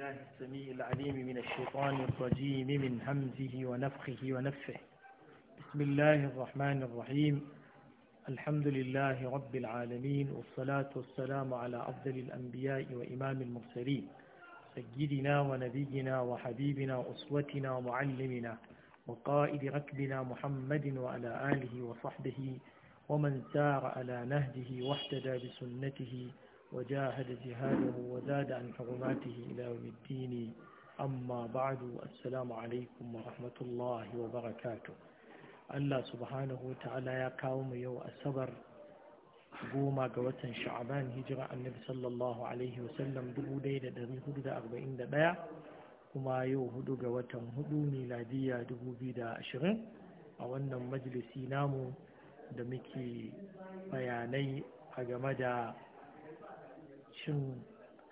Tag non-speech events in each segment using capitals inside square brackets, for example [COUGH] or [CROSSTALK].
الله السميع العليم من الشيطان الرجيم من همزه ونفخه ونفه بسم الله الرحمن الرحيم الحمد لله رب العالمين والصلاة والسلام على أفضل الأنبياء وإمام المرسلين سيدنا ونبينا وحبيبنا أسوتنا ومعلمنا وقائد ركبنا محمد وعلى آله وصحبه ومن سار على نهجه واحتدى بسنته وجاهد جهاده وزاد عن حرماته إلى يوم الدين أما بعد السلام عليكم ورحمة الله وبركاته Allah subhanahu wa ta'ala ya kawo mu yau asabar goma ga watan sha'aban hijira annabi sallallahu alaihi wasallam 1441 kuma yau hudu ga watan hudu miladiya 2020 a wannan majalisi namu da muke bayanai a game da cin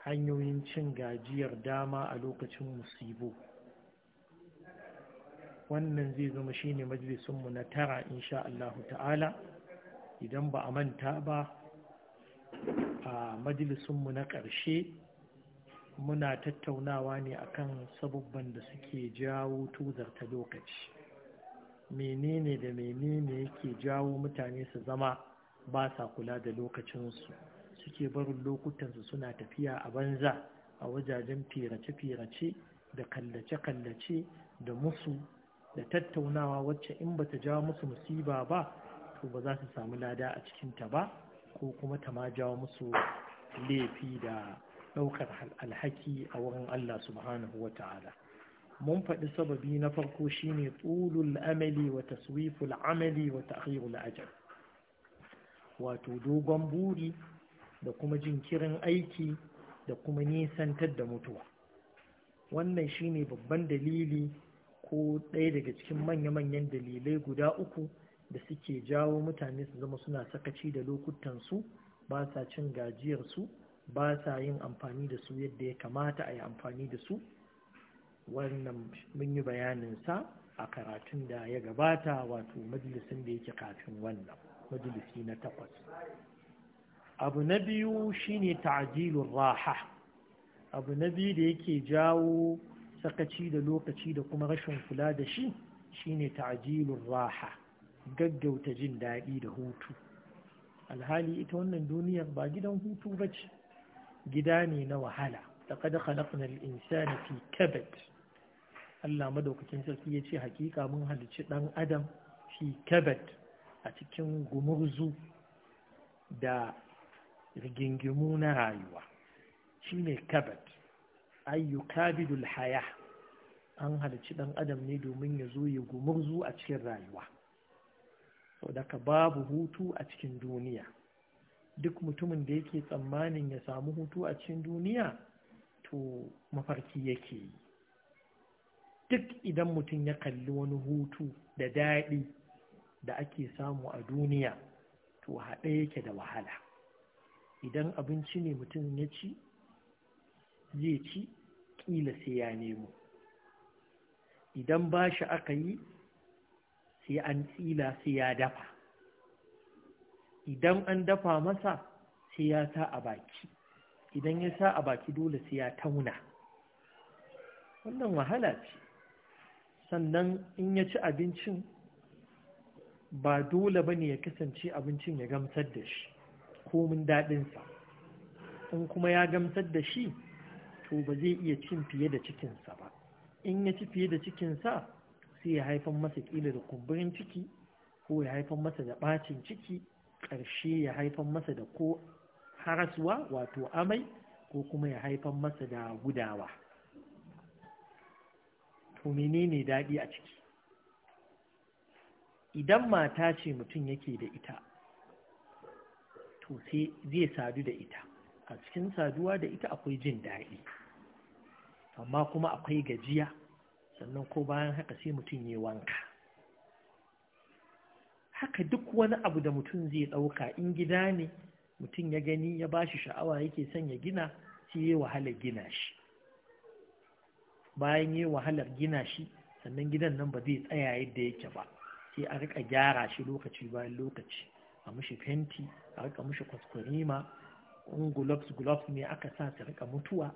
hanyoyin cin gajiyar dama a lokacin musibo wannan zai zama shine majalisunmu na tara insha Allahu ta'ala idan ba a manta ba a majalisunmu na ƙarshe muna tattaunawa ne akan sabubban da suke jawo tuzarta lokaci menene da menene yake jawo mutane su zama ba sa kula da lokacinsu suke barin lokutansu suna tafiya a banza a wajajen firace-firace da kallace-kallace da musu da tattaunawa wacce in ba ta jawo musu musiba ba to ba za su samu lada a cikinta ba ko kuma ta ma jawo musu laifi da ɗaukar alhaki a wurin Allah subhanahu wa ta'ala mun faɗi sababi na farko shine tsulul amali wa taswiful amali wa ta'khirul ajr wato dogon buri da kuma jinkirin aiki da kuma nisantar da mutuwa wannan shine babban dalili ko ɗaya daga cikin manya-manyan dalilai guda uku da suke jawo mutane su zama suna sakaci da lokutansu ba sa cin gajiyarsu ba sa yin amfani da su yadda ya kamata a yi amfani da su wannan mun yi bayaninsa a karatun da ya gabata wato majalisin da yake kafin wannan majalisi na takwas abu na biyu shine ta'jilur raha abu na biyu da yake jawo sakaci da lokaci da kuma rashin kula da shi shine ta'jilur raha gaggauta jin daɗi da hutu alhali ita wannan duniyar ba gidan hutu ba ce gida ne na wahala laqad khalaqna al-insana fi kabad Allah madaukakin sarki yace hakika mun halicci dan adam fi kabad a cikin gumurzu da rigingimu na rayuwa shine kabat ayyu kabidul haya an halici dan adam ne domin ya zo ya gumurzu a cikin rayuwa saboda babu hutu a cikin duniya duk mutumin da yake tsammanin ya samu hutu a cikin duniya to mafarki yake yi duk idan mutum ya kalli wani hutu da daɗi da ake samu a duniya to haɗe yake da wahala idan abinci ne mutum ya ci zai ci ƙila sai ya nemo idan ba shi aka yi sai an tsila sai ya dafa idan an dafa masa sai ya sa a baki idan ya sa a baki dole sai ya tauna wannan wahala ce sannan in ya ci abincin ba dole ba ne ya kasance abincin ya gamsar da shi komin daɗinsa in kuma ya gamsar da shi to ba zai iya cin fiye da cikinsa ba in ya ci fiye da cikinsa sai ya haifan masa ƙila da kumburin ciki ko ya haifan masa da ɓacin ciki ƙarshe ya haifan masa da ko harasuwa wato amai ko kuma ya haifan masa da gudawa to menene daɗi a ciki idan mata ce mutum yake da ita to sai zai sadu da ita a cikin saduwa da ita akwai jin daɗi amma kuma akwai gajiya sannan ko bayan haka sai mutum ya wanka haka duk wani abu da mutum zai ɗauka in gida ne mutum ya gani ya bashi sha'awa yake son ya gina sai ya wahalar gina shi bayan ya wahalar gina shi sannan gidan nan ba zai tsaya yadda yake ba sai a rika gyara shi lokaci bayan lokaci a mushi fenti a rika mushi kwaskwarima in gulobs gulobs ne aka sa su rika mutuwa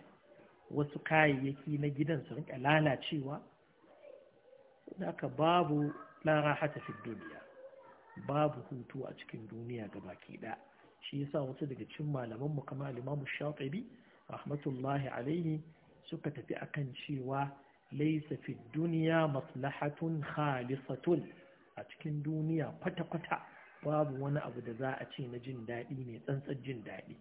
wasu kayayyaki na gidan su rika lalacewa haka babu larahata fi duniya babu hutu a cikin duniya ga baki ɗaya shi yasa wasu daga cikin malamanmu kamar limamu shafi'i rahmatullahi alaihi suka tafi akan cewa laisa fi duniya maslahatun khalisatun a cikin duniya kwata-kwata babu wani abu da za a ce na jin daɗi ne tsantsar jin daɗi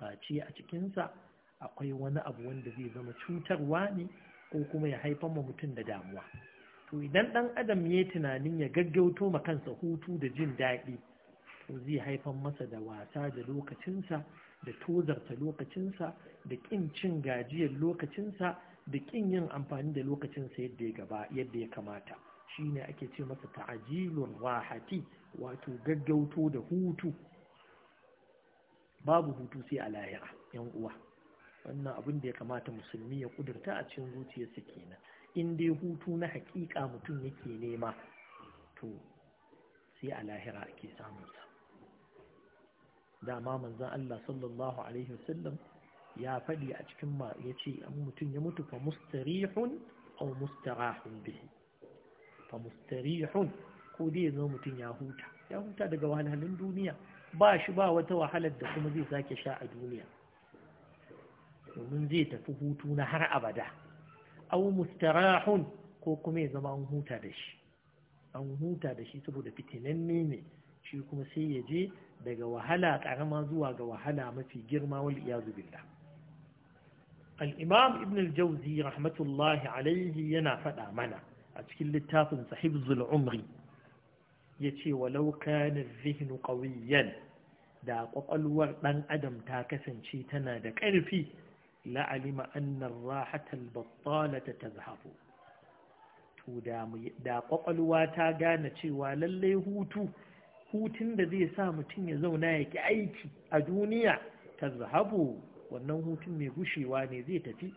Ba ce a cikinsa akwai wani abu wanda zai zama cutarwa ne ko kuma ya haifar ma mutum da damuwa to idan ɗan adam ya tunanin ya gaggauto ma kansa hutu da jin daɗi to zai haifar masa da wasa da lokacinsa da tozarta lokacinsa da ƙin cin gajiyar lokacinsa da ƙin yin amfani da lokacinsa yadda ya gaba yadda ya kamata shine ake ce masa ta'ajilun wahati wato gaggauto da hutu babu hutu sai a lahira yan uwa wannan abin da ya kamata musulmi ya kudurta a cikin zuciyarsa kenan in dai hutu na hakika mutum yake nema to sai a lahira ake samun samunsa dama manzo Allah sallallahu alaihi wasallam ya fadi a cikin ma ya an mutum ya mutu fa mustarihun au mustarahun bihi fa mustarihun ko dai ya zama mutum ya huta ya huta daga wahalhalun duniya ba shi ba wata wahalar da kuma zai sake sha a duniya domin zai tafi hutu na har abada au mustarahun ko kuma ya zama an huta da shi an huta da shi saboda fitinanne ne shi kuma sai ya je daga wahala karama zuwa ga wahala mafi girma wal iyazu billah al-imam ibn al-jawzi rahmatullahi alayhi yana faɗa mana a cikin littafin sahib Zul'umri, ya ce walau kanin zihinu ƙawiyyan da ƙwaƙwalwar ɗan adam ta kasance tana da ƙarfi la'alima annan rahatar battalata ta zahafu to da ƙwaƙwalwa ta gane cewa lallai hutu hutun da zai sa mutum ya zauna ya ki aiki a duniya ta zahabu wannan hutun mai gushewa ne zai tafi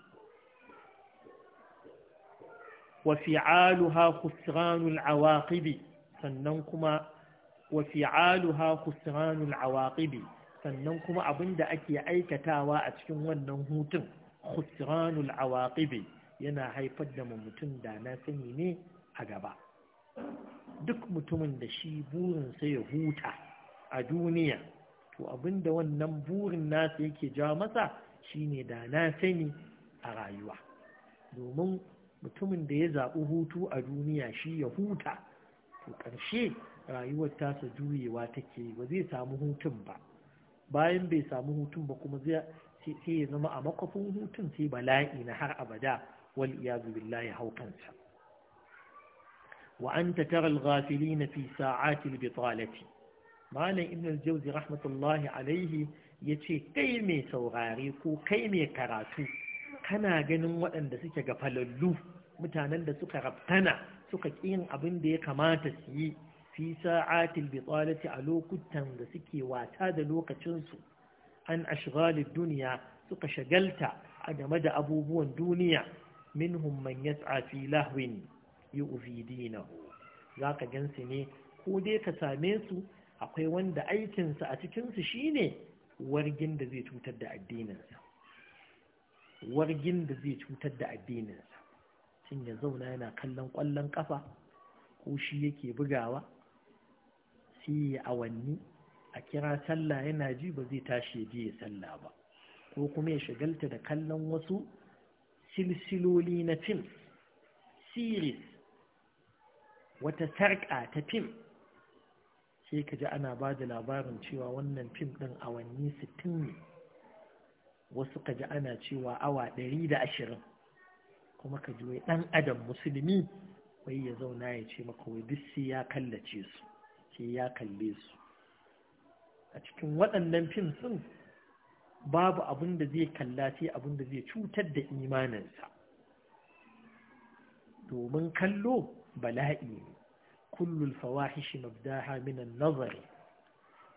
wa fi'aluha khusranul awaqibi sannan kuma sannan kuma abinda ake aikatawa a cikin wannan hutun khusranul awaqibi yana haifar da mutum da sani ne a gaba duk mutumin da shi burinsa ya huta a duniya to abinda wannan burin nasa yake jawo masa shine da na sani a rayuwa domin mutumin da ya zaɓi hutu a duniya shi ya huta to ƙarshe rayuwar tasa juyewa take ba zai samu hutun ba bayan bai samu hutun ba kuma sai ya zama a makwafin hutun sai bala'i na har abada wal iyazu billahi hau kansa wa anta tara al-ghafilin fi sa'ati bitalati malam ibn al-jawzi rahmatullahi alaihi yace kai mai saurare ko kai mai karatu kana ganin waɗanda suke ga gafalallu mutanen da suka raftana suka yin abin da ya kamata su yi fi sa'atil tsalati a lokutan da suke wata da lokacinsu an ashghalid duniya suka shagalta a game da abubuwan duniya minhum man yas'a fi lahwin yu'fi dinahu zaka gansu ne ko dai ka same su akwai wanda aikinsa a cikinsu shine wargin da zai cutar da addininsa wargin da zai cutar da addininsa tun ya zauna yana kallon ƙwallon ƙafa ko shi yake bugawa sai ya awanni a kira sallah yana ji ba zai tashi ya je ya sallah ba ko kuma ya shigalta da kallon wasu silsiloli na fim series wata sarƙa ta fim sai ka ji ana ba da labarin cewa wannan fim ɗin awanni sittin ne wasu ka ji ana cewa awa ɗari da ashirin kuma ka ji wai ɗan adam musulmi wai ya zauna ya ce maka wai duk sai ya kallace su sai ya kalle su a cikin waɗannan fim sun babu abin da zai kalla sai abin da zai cutar da imaninsa domin kallo bala'i ne kullul fawahishi mabdaha minan nazari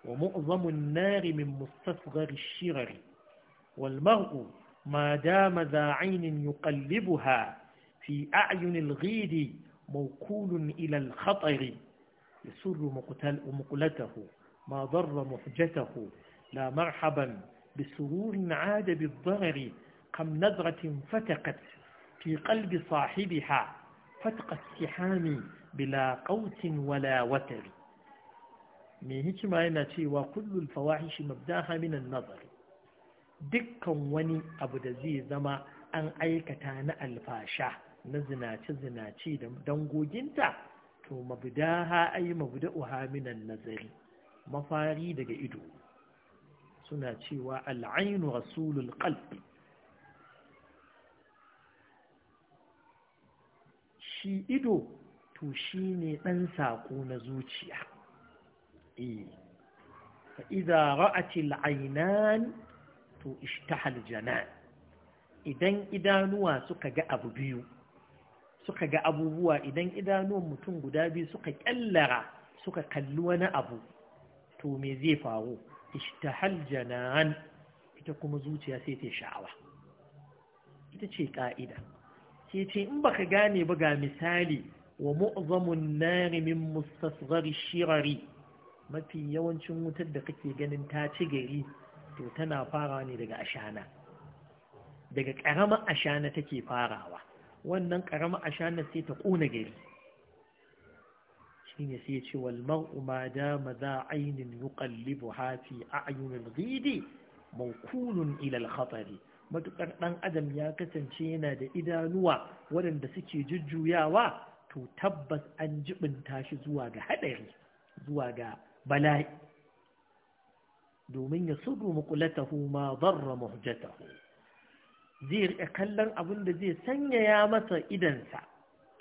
wa mu'zamun nari min mustasghar shirari والمرء ما دام ذا عين يقلبها في أعين الغيد موكول إلى الخطر يسر مقلته ما ضر محجته لا مرحبا بسرور عاد بالضرر كم نظرة فتقت في قلب صاحبها فتق السحام بلا قوت ولا وتر من هكما ينتي وكل الفواحش مبداها من النظر dukkan wani abu da zai zama an aikata na alfasha na zinace-zinace da dangoginta to mabudaha ai mabuda'uha minan nazari mafari daga ido suna cewa al'ainu rasulul qalbi shi ido to shi ne ɗan saƙo na zuciya Eh, fa'iza ra'atil ainan to ishtahal jana idan idanuwa suka ga abu biyu suka ga abubuwa idan idanuwan mutum guda biyu suka kyallara suka kalli wani abu to me zai faru ishtahal janan ita kuma zuciya sai ta sha'awa ita ce ka'ida Ke ce in baka gane ba ga misali wa mu'zamun nari min mustasghari shirari mafi yawancin wutar da kake ganin ta ci gari to tana farawa ne daga ashana daga ƙaramar ashana take farawa wannan ƙaramar ashana sai ta ƙona gari shi ne sai ce walmar umada maza ainihin yuƙallibu hafi a ayyunan gidi maukulun ilal khatari matuƙar ɗan adam ya kasance yana da idanuwa waɗanda suke jujjuyawa to tabbas an jibinta shi zuwa ga haɗari zuwa ga bala'i domin ya sirru muqulatahu ma darra muhjatahu zai riƙa kallon abin da zai sanya ya masa idansa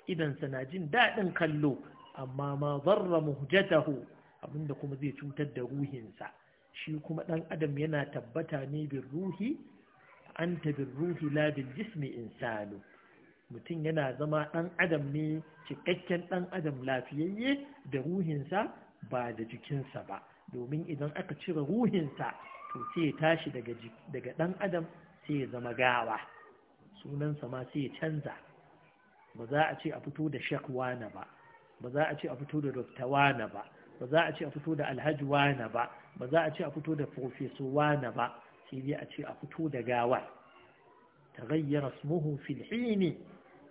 idansa na jin daɗin kallo amma ma darra muhjatahu abin da kuma zai cutar da ruhinsa shi kuma ɗan adam yana tabbata ne bin ruhi an ta bin ruhi Labin jismi insanu mutum yana zama ɗan adam ne cikakken ɗan adam lafiyayye da ruhinsa ba da jikinsa ba domin idan aka cire ruhinsa to sai ya tashi daga ɗan adam sai ya zama gawa sunansa ma sai ya canza ba za a ce a fito da shakwana ba ba za a ce a fito da doktawana ba ba za a ce a fito da alhajiwana ba ba za a ce a fito da profesowana ba sai dai a ce a fito da gawar gayyara smuhu fil hini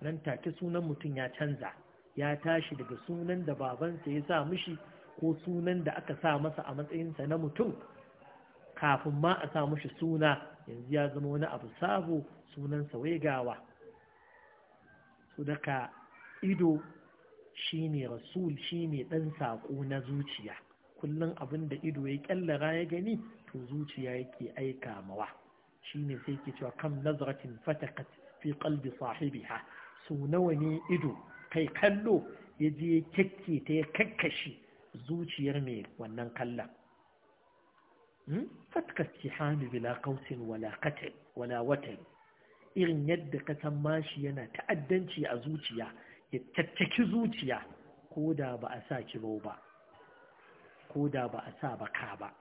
nan take sunan mutum ya canza ya tashi daga sunan da babansa ya sa mishi ko sunan da aka sa masa a matsayinsa na mutum kafin ma a sa mashi suna yanzu ya zama wani abu sabo sunansa wai gawa su daga ido shi ne rasul shi ne ɗan saƙo na zuciya kullum abin da ido ya ƙyallara ya gani to zuciya yake aika mawa shi ne sai ke cewa kam nazratin fatakat fi qalbi sahibiha su nawa ne ido kai kallo ya je ya kyakke ta ya kakkashi zuciyar mai wannan kallon hmm? fatka tihami bila kausin wala watan irin yadda ka san mashi yana ta'addanci a zuciya ya tattaki zuciya ko da ba a sa kiro ba ko da ba a sa baka ba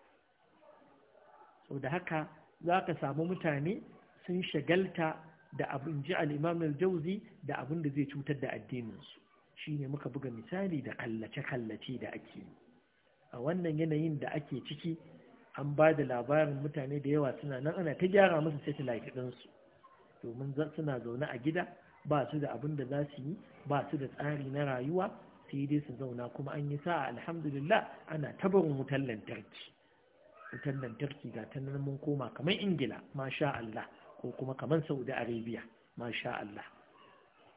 so da haka za ka samu mutane sun shagalta da abin ji al'imam al-jauzi da abin da zai cutar da addininsu shine muka buga misali da kallace-kallace da ake yi a wannan yanayin da ake ciki an ba da labarin mutane da yawa suna nan ana ta gyara musu satellite ɗinsu domin suna zaune a gida ba su da abin da za su yi ba su da tsari na rayuwa sai dai su zauna kuma an yi sa'a alhamdulillah ana tabarin wutar lantarki wutar lantarki ga ta koma kamar ingila masha Allah ko kuma kamar saudi arabia masha Allah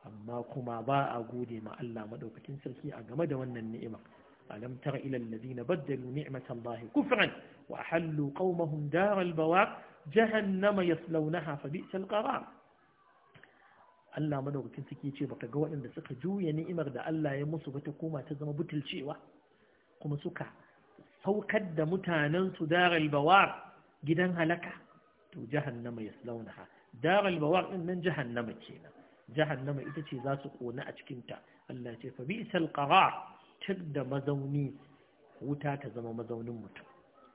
amma kuma ba a gode ma Allah madaukakin sarki a game da wannan ni'ima alam tara ila alladhina baddalu ni'matallahi kufran wa ahallu qaumahum daral bawaq jahannama yaslawnaha fa bi'sal qarar Allah madaukakin sarki ce baka ga waɗanda suka juya ni'imar da Allah ya musu ba ta koma ta zama butulcewa kuma suka saukar da mutanen su daral bawaq gidan halaka to jahannama yaslawnaha daral bawaq din nan jahannama kenan jahannama ita ce za su ƙona a cikinta Allah ce fa bi'sal qarar tir da mazauni wuta ta zama mazaunin mutum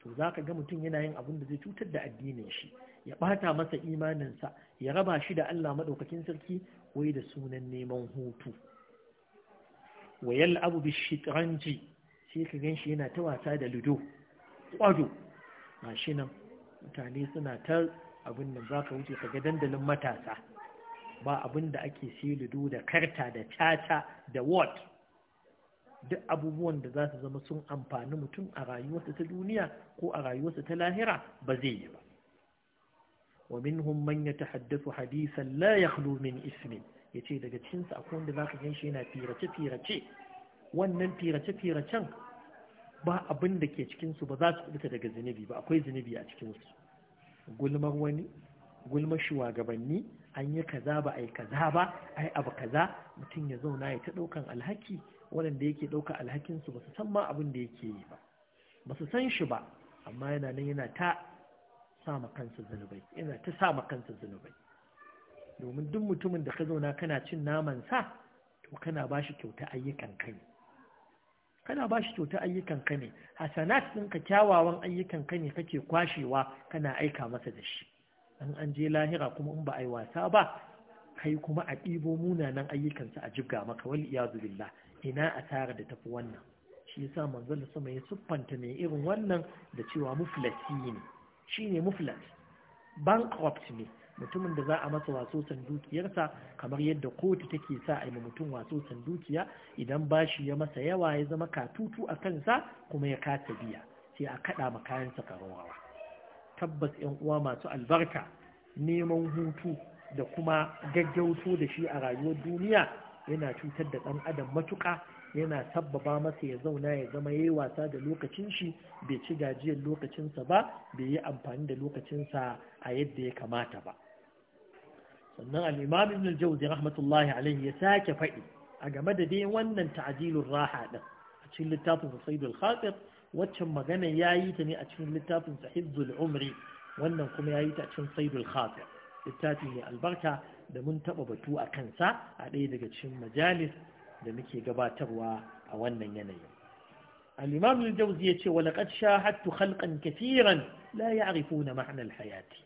to zaka ga mutum yana yin abin da zai cutar da addinin shi ya bata masa imanin sa ya raba shi da Allah madaukakin sarki wai da sunan neman hutu wa yal'abu bishitranji sai ka ganshi yana ta wasa da ludo kwado mashinan nan mutane suna ta abin nan zaka wuce ka ga dandalin matasa ba abin da ake Ludo da karta da caca da word duk abubuwan da za su zama sun amfani mutum a rayuwarsa ta duniya ko a rayuwarsa ta lahira ba zai yi ba wa minhum man yatahaddathu hadisan la yakhlu min ismi yace daga cikin sa akwai wanda zaka gan shi yana firace firace wannan firace firacen ba abin da ke cikin su ba za su kubuta daga zinubi ba akwai zinubi a cikin su gulmar wani gulmar shugabanni an yi kaza ba a yi kaza ba ai abu kaza mutum ya zauna ya ta ɗaukan alhaki waɗanda yake ɗauka alhakinsu ba su san ma abin da yake yi ba ba su san shi ba amma yana nan yana ta sa ma kansa zunubai yana ta sa ma kansa zunubai domin duk mutumin da ka zauna kana cin naman sa to kana ba shi kyauta ayyukan kai kana ba shi kyauta ayyukan ka ne hasanat ka kyawawan ayyukan ka ne kake kwashewa kana aika masa da shi in an je lahira kuma in ba a yi wasa ba kai kuma a ɗibo munanan ayyukansa a jibga maka wani iyazu billah ina a tara da tafi wannan shi yasa manzon da sama ya siffanta mai irin wannan da cewa muflasi ne shi shine muflas bankrupt ne mutumin da za a masa waso sandukiyarsa, kamar yadda kotu take sa a yi mutum waso sandukiya, dukiya idan bashi ya masa yawa ya zama katutu a kansa kuma ya kasa biya sai a kaɗa ma kayansa karawawa tabbas ‘yan uwa masu albarka neman hutu da kuma gaggauto da shi a rayuwar duniya yana cutar da ɗan adam matuƙa yana sabbaba masa ya zauna ya zama ya yi wasa da lokacin shi bai ci gajiyar lokacinsa ba bai yi amfani da lokacinsa a yadda ya kamata ba sannan al'imam ibn al-jawzi rahmatullahi alaihi ya sake faɗi a game da dai wannan ta'adilun raha din a cikin littafin saidul khatir waccan magana ya yi ta ne a cikin littafin sahibzul umri wannan kuma ya yi ta cikin saidul khatir littafi mai albarka da mun taɓa batu a kansa a ɗaya daga cikin majalis da muke gabatarwa a wannan yanayin al-imam al-jawzi yace wa laqad shahadtu khalqan kathiran la ya'rifuna ma'na al-hayati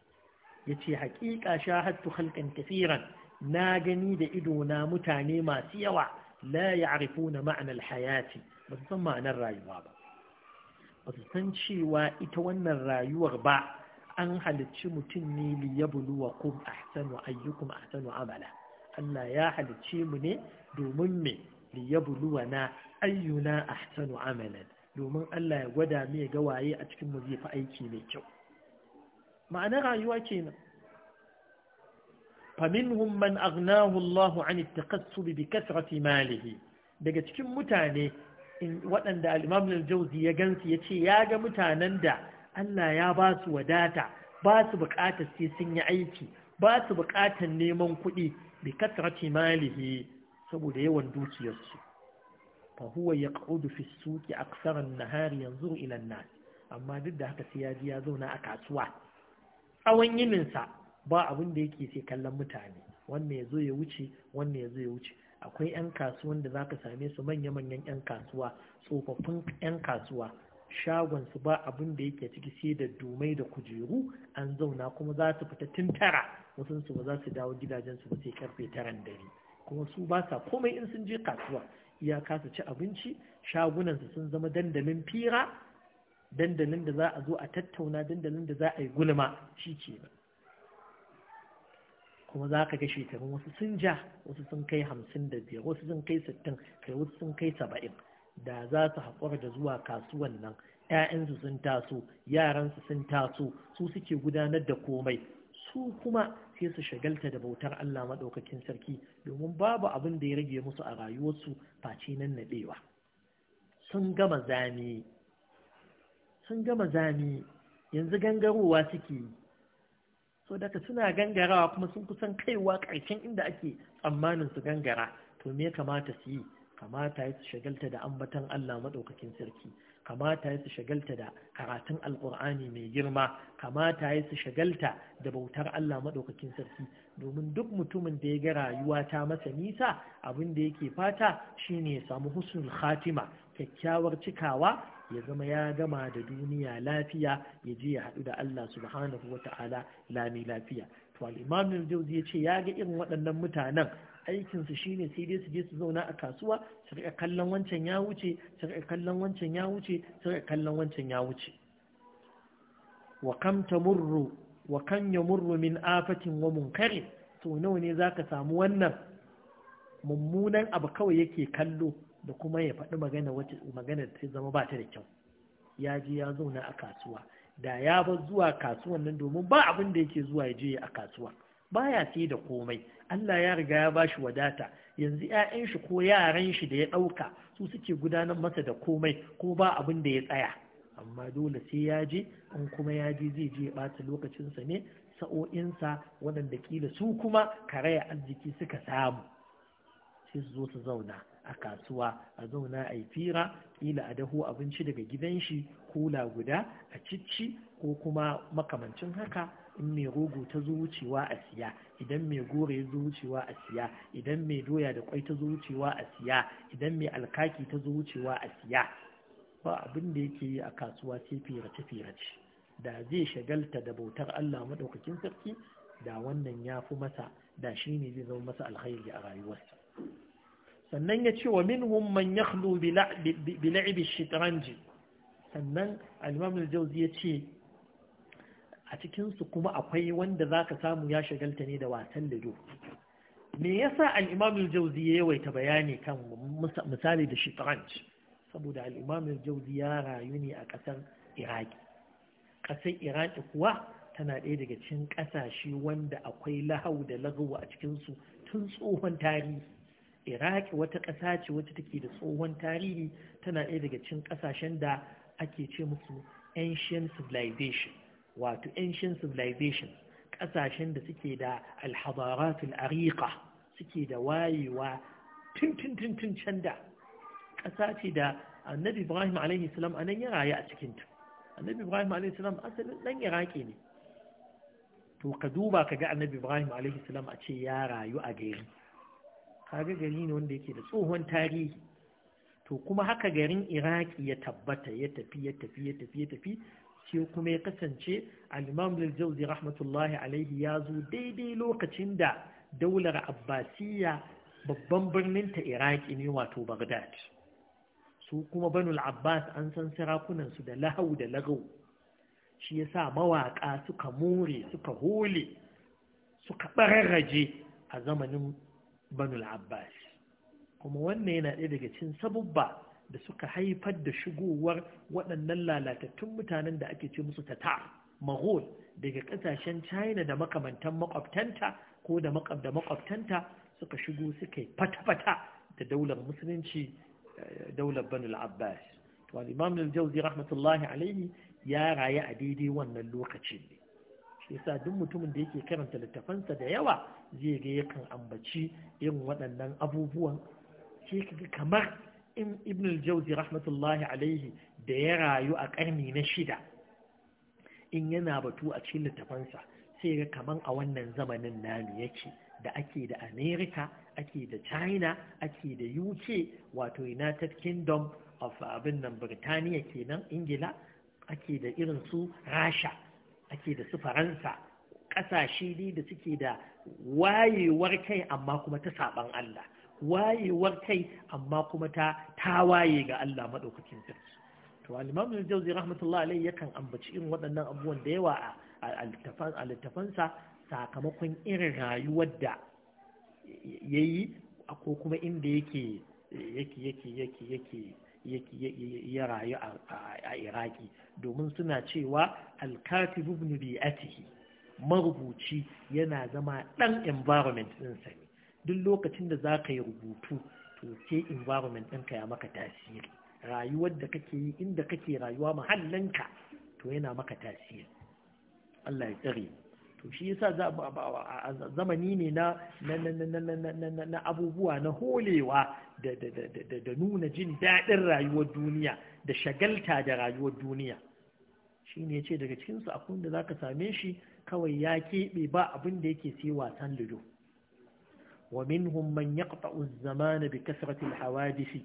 yace haƙiƙa shahadtu khalqan kathiran na gani da ido na mutane masu yawa la ya'rifuna ma'na al-hayati ba san ma'anar rayuwa ba ba su san cewa ita wannan rayuwar ba an halicci mutum ne li yabluwakum ahsanu ayyukum ahsanu amala Allah ya halicce mu ne domin me li na ayyuna ahsanu amala. domin Allah ya gwada mu ya ga waye a cikin mu zai fi aiki mai kyau ma'anar rayuwa kenan فمنهم من أغناه الله عن التقصب بكثرة ماله daga cikin mutane waɗanda al-imam ya gansu ya ce ya ga mutanen da Allah ya ba su wadata ba su buƙatar sai sun yi aiki ba su buƙatar neman kuɗi bi kasrati malihi saboda yawan dukiyarsu Fahuwa ya yaqudu fi suqi a ƙasarar nahar yanzuru amma duk da haka sai ya ji ya zauna a kasuwa tsawon yininsa ba abin da yake sai kallon mutane wannan ya zo ya wuce wannan ya zo ya wuce akwai 'yan kasuwan da za ka same su manya-manyan 'yan kasuwa tsofaffin 'yan kasuwa shagon su ba abin da yake ciki sai da domai da kujeru an zauna kuma za su fita tun tara wasu su ba za su dawo gidajensu ba sai karfe taran dare kuma su ba sa komai in sun je kasuwa iyaka su ci abinci Shagunansu sun zama dandalin fira dandalin da za a zo a tattauna dandalin da za a yi gulma shi ba. kuma za ka ga shekarun wasu sun ja wasu sun kai hamsin da biyar wasu sun kai sittin kai wasu sun kai saba'in da za su haƙura da zuwa kasuwan nan ‘ya'yansu sun taso yaransu sun taso su suke gudanar da komai su kuma sai su shagalta da bautar Allah maɗaukakin sarki domin babu abin da ya rage musu a rayuwarsu face nan naɗewa sun gama zami sun gama zami yanzu gangarowa suke yi so daga suna gangarawa kuma sun kusan kaiwa ƙarshen inda ake tsammanin su gangara to me kamata su yi kamata ya su shagalta da ambatan Allah maɗaukakin sarki kamata ya su shagalta da karatun alƙur'ani mai girma kamata ya su shagalta da bautar Allah maɗaukakin sarki domin duk mutumin da ya ga rayuwa ta masa nisa abin da yake fata shine ya samu husnul khatima kyakkyawar cikawa ya zama ya gama da duniya lafiya ya je ya haɗu da Allah subhanahu wa ta'ala lami lafiya to al-imam ya ce ya ga irin waɗannan mutanen aikinsu shine sai dai su je su zauna a kasuwa su riƙa kallon wancan ya wuce su riƙa kallon wancan ya wuce su riƙa kallon wancan ya wuce wa kam tamurru wa kan yamurru min afatin wa kare? to nawa ne zaka samu wannan mummunan abu kawai yake kallo da kuma ya faɗi magana wacce magana ta zama ba ta da kyau ya je ya zauna a kasuwa da ya ba zuwa kasuwan nan domin ba abin da yake zuwa ya je a kasuwa baya sai da komai Allah ya riga ya bashi wadata yanzu ƴaƴan shi ko yaran shi da ya ɗauka su suke gudanar masa da komai ko ba abin da ya tsaya amma dole sai ya je in kuma ya je zai je ɓata lokacinsa ne sa'o'insa waɗanda kila su kuma karaya arziki suka samu sai su zo su zauna a kasuwa a zauna a yi fira ila a daho abinci daga gidan shi kula guda a cicci ko kuma makamancin haka in mai rogo ta zo wucewa a siya idan mai gore ya zo wucewa a siya idan mai doya da kwai ta zo wucewa a siya idan mai alkaki ta zo wucewa a siya ba abin da yake yi a kasuwa sai firace firace da zai shagalta da bautar Allah maɗaukakin sarki da wannan ya fi masa da shi ne zai zama masa alkhairi a rayuwarsa sannan ya ce wa minhum man yakhlu bi la'ibi sannan al jauzi ya ce a cikinsu kuma akwai wanda za ka samu ya shagalta ne da wasan da me yasa sa imam ya yawaita bayani kan misali da shitaranji? saboda al jauzi ya rayu ne a ƙasar iraki Ƙasar iraki kuwa tana ɗaya daga cikin ƙasashe wanda akwai lahau da lagawa a cikinsu tun tsohon tarihi iraki wata ƙasa ce wacce take da tsohon tarihi tana ɗaya daga cikin ƙasashen da ake ce musu ancient civilization wato ancient civilization ƙasashen da suke da alhadaratul ariƙa suke da wayewa tun tun tun tun can da ƙasa ce da annabi ibrahim alaihi salam a nan ya raye a cikinta annabi ibrahim alaihi salam asalin ɗan iraki ne to ka duba ka ga annabi ibrahim alaihi salam a ce ya rayu a gari kaga gari ne wanda yake da tsohon tarihi to kuma haka garin iraki ya tabbata ya tafi ya tafi ya tafi ya tafi sai kuma ya kasance al-imam al-jawzi rahmatullahi alaihi ya zo daidai lokacin da daular abbasiyya babban birnin ta iraki ne wato bagdad su kuma banul abbas an san sarakunan su da lahau da lagau shi yasa mawaka suka more suka hole suka bararraje a zamanin banul abbas kuma wannan yana ɗaya daga cin sabubba da suka haifar da shigowar waɗannan lalatattun mutanen da ake ce musu tatar mahol daga ƙasashen china da makamantan makwabtanta ko da makwabtanta suka shigo suka yi fata-fata da daular musulunci eh, daular banul abbas to imam al-jawzi rahmatullahi alaihi ya rayu a daidai wannan lokacin ne shi yasa duk mutumin da yake karanta littafansa da yawa zai ga yakan ambaci irin waɗannan abubuwan sai kaga kamar in ibn al-jawzi rahmatullahi alaihi da ya rayu a karni na shida in yana batu a cikin littafansa sai ga kaman a wannan zamanin namu yake da ake da america ake da china ake da uk wato united kingdom of abin nan birtaniya kenan ingila ake da irin su rasha ake da su faransa ƙasashe ne da suke da wayewar kai amma kuma ta saɓan Allah wayewar kai amma kuma ta waye ga Allah maɗaukakin sarki to al-imam al rahmatullah alayhi yakan ambaci irin waɗannan abubuwan da yawa a littafansa sakamakon irin rayuwar da yayi ko kuma inda yake yake yake yake yake ya rayu a iraki domin suna cewa alkatibu ibn bi'atihi marubuci yana zama ɗan environment ɗinsa ne duk lokacin da za ka yi rubutu to ke environment ɗinka ya maka tasiri rayuwar da kake yi inda kake rayuwa mahallinka to yana maka tasiri Allah ya tsare mu to shi yasa a zamani ne na abubuwa na holewa da nuna jin daɗin rayuwar duniya da shagalta da rayuwar duniya shi ne ce daga cikinsu a da za ka same shi kawai ya keɓe ba abin da yake sai wasan lido wa minhum man yaqta'u az-zamana bi kasratil hawadisi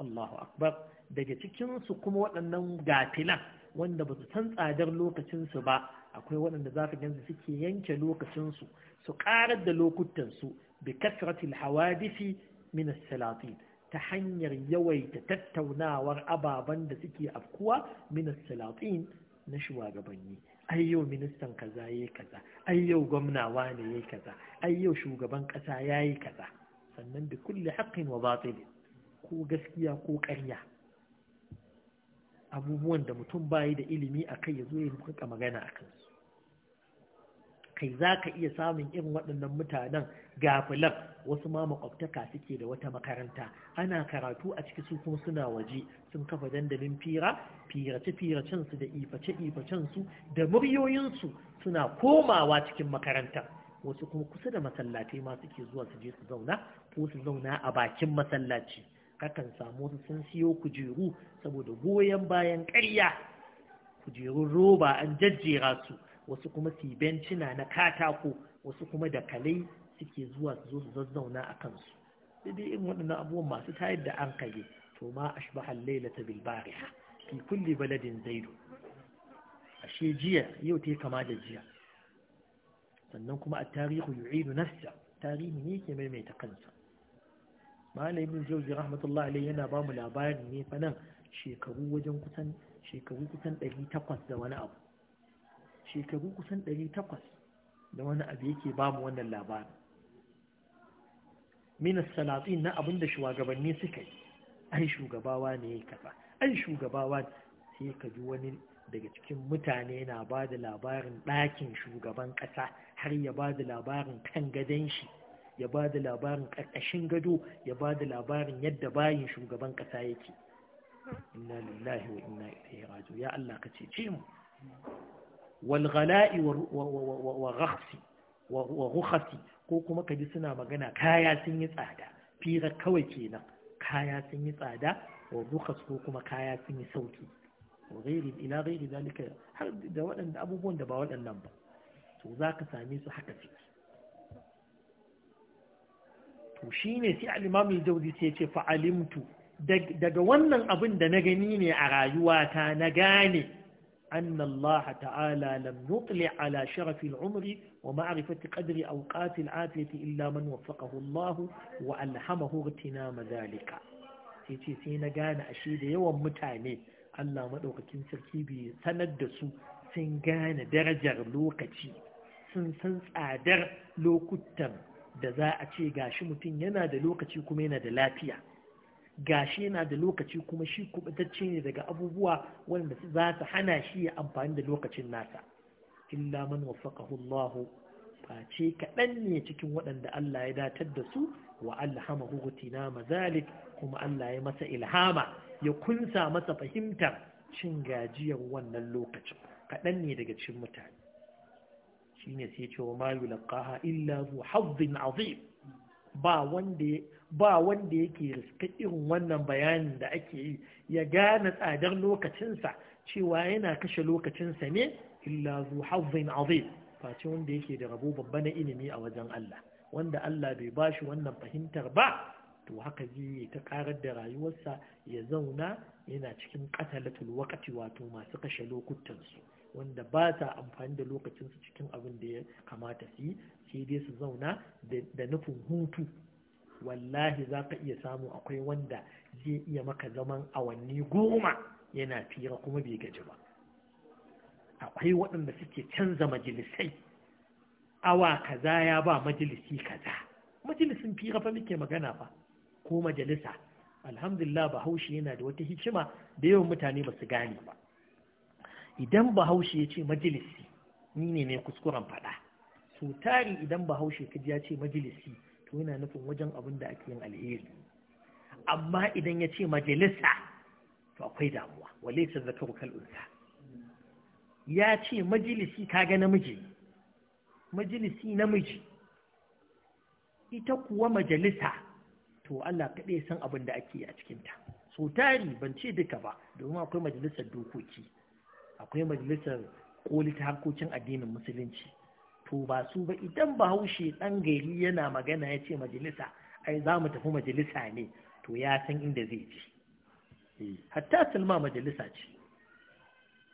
Allahu akbar daga cikinsu kuma waɗannan gafilan wanda ba su san tsadar lokacinsu ba akwai waɗanda za ka gansu suke yanke lokacinsu su ƙarar da lokutansu bi kasratil hawadisi min salatin ta hanyar yawaita tattaunawar ababen da suke afkuwa min salatin na shugabanni ai yau ministan kaza yayi kaza ai yau gwamnawa ne yayi kaza ai yau shugaban kasa yayi kaza sannan bi kulli haqqin wa batilin ko gaskiya ko ƙarya abubuwan da mutum bayi da ilimi a kai ya zo ya rika magana a kansu kai za ka iya samun irin waɗannan mutanen gafilar wasu ma makwabtaka suke da wata makaranta ana karatu a ciki su kuma suna waje sun kafa dandalin fira firace-firacensu da iface-ifacensu da muryoyinsu suna komawa cikin makaranta wasu kuma kusa da masallatai ma suke zuwa su je su zauna ko su zauna a bakin masallaci kakan samu wasu sun siyo kujeru saboda goyon bayan karya kujerun roba an jajjera su wasu kuma su bencina na katako wasu kuma da kalai suke zuwa su zo su zazzauna a kansu dai in waɗannan abubuwan masu tayar da an kage to ma ashbahal lailata ta bariha fi kulli baladin zaidu ashe jiya yau ta kama da jiya sannan kuma a tarihu yu'idu nafsa tarihi ne ke maimaita kansa malamin ibn jauzi rahmatullahi alaihi yana ba mu labarin ne fa nan shekaru wajen kusan shekaru kusan 800 da wani abu shekaru kusan 800 da wani abu yake ba mu wannan labarin min salatin na abin da shugabanni suka yi ai shugabawa ne ya kaza ai shugabawa sai ka ji wani daga cikin mutane na ba da labarin ɗakin shugaban ƙasa har ya ba da labarin kan gadon shi ya ba da labarin ƙarƙashin gado ya ba da labarin yadda bayin shugaban ƙasa yake inna lillahi wa inna ilaihi raji'un ya Allah ka ce mu wal ghala'i wa ghakhsi wa ghukhsi ko kuma kaji suna magana kaya sun yi tsada fira kawai kenan kaya sun yi tsada wa rukas ko kuma kaya sun yi sauki wa ghairi ila ghairi zalika har da waɗanda abubuwan da ba waɗannan ba to za same su haka to sai alimamul jaudi sai ce fa’alimtu daga wannan abin da na gani ne a rayuwa ta na gane Annallaha Allah ta’ala lam nukle ala sharafin umri wa ma’arifati ƙadiri a wuƙatin afiyati illa man wafaƙahullahu wa alhama hurtina mazalika sai ce sai na gane ashe da yawan mutane Allah maɗaukakin sarki bi sanar da su sun gane darajar lokaci sun san tsadar lokutan da za a ce gashi mutum yana da lokaci kuma yana da lafiya gashi yana da lokaci kuma shi kubatacce ne daga abubuwa wanda za su hana shi ya amfani da lokacin nasa illa man wafaqahu Allah face kaɗan ne cikin waɗanda Allah ya datar da su wa alhamahu gutina mazalik kuma Allah ya masa ilhama ya kunsa masa fahimtar cin gajiyar wannan lokacin kaɗan ne daga cikin mutane shine sai ce wa mayu yulqaha illa zu azim ba wanda yake riska irin wannan bayanin da ake yi ya gane tsadar lokacinsa cewa yana kashe lokacinsa ne illa zu azim face wanda yake da rabo babba na ilimi a wajen Allah wanda Allah bai bashi wannan fahimtar ba to haka zai ta karar da rayuwarsa ya zauna yana cikin katalatul wakati wato masu kashe lokutansu wanda ba sa amfani da lokacinsu cikin abin da ya kamata su yi sai dai su zauna da nufin hutu wallahi za ka iya samu akwai wanda zai iya maka zaman awanni goma yana fira kuma bai gaji ba akwai waɗanda suke canza majalisai awa kaza ya ba majalisi kaza majalisin fira fa muke magana fa ko majalisa alhamdulillah bahaushe yana da wata hikima da yawan mutane ba su gane ba idan bahaushe ya ce majalisi ni ne mai kuskuren faɗa so tari idan bahaushe kaji ya ce majalisi to yana nufin wajen abin da ake yin alheri amma idan ya ce majalisa to akwai damuwa wale ta zaka rukal unsa ya ce majalisi kaga namiji majalisi namiji ita kuwa majalisa to Allah kaɗai san abin da ake yi a cikinta so tari ban ce duka ba domin akwai majalisar dokoki akwai majalisar koli ta harkokin addinin musulunci to ba su ba idan bahaushe ɗan gari yana magana ya ce majalisa ai za mu tafi majalisa ne to ya san inda zai je eh, hatta sulma majalisa ce